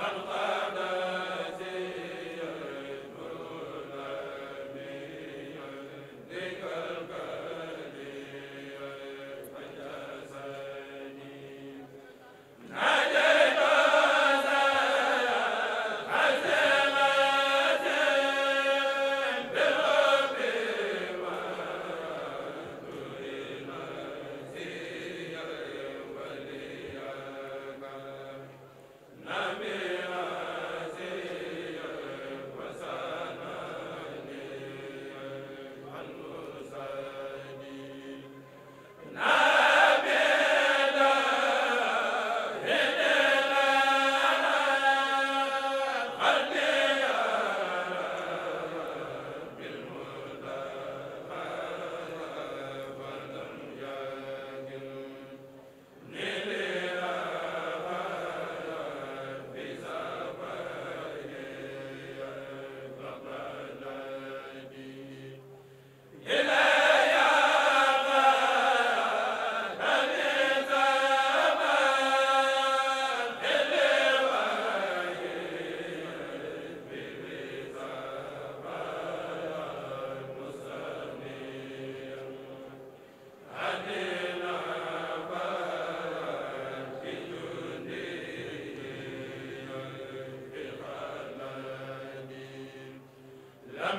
waaw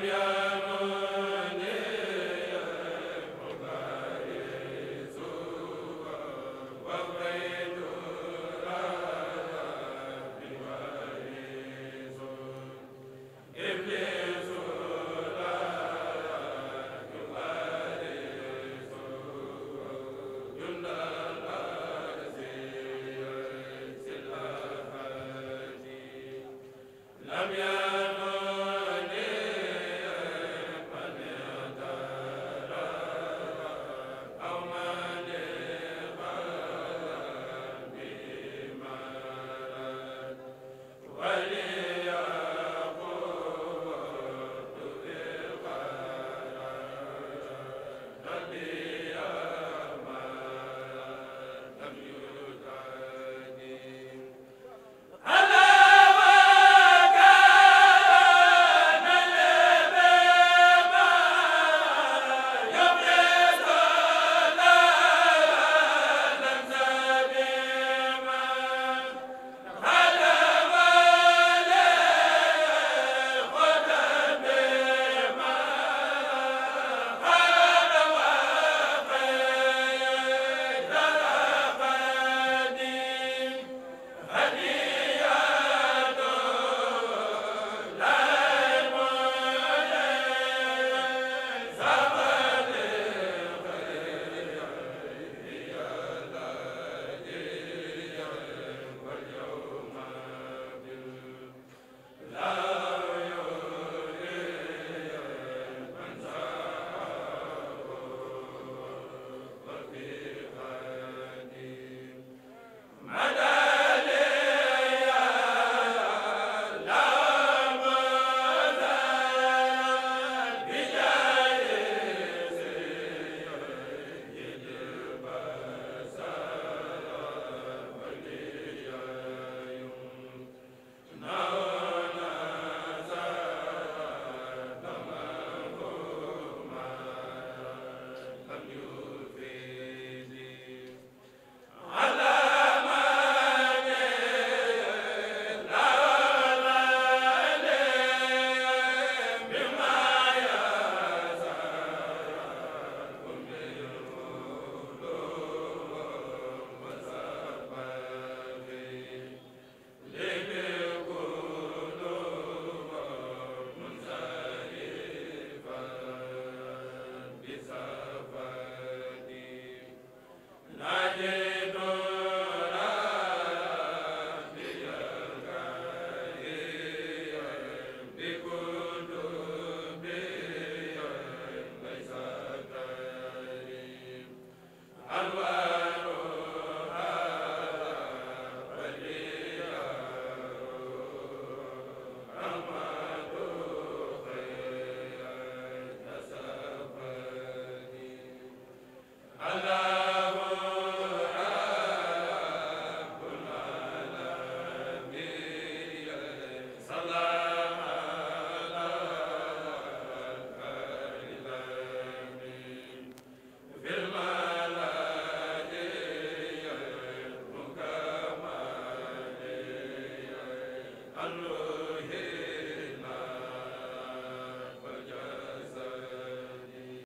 amiin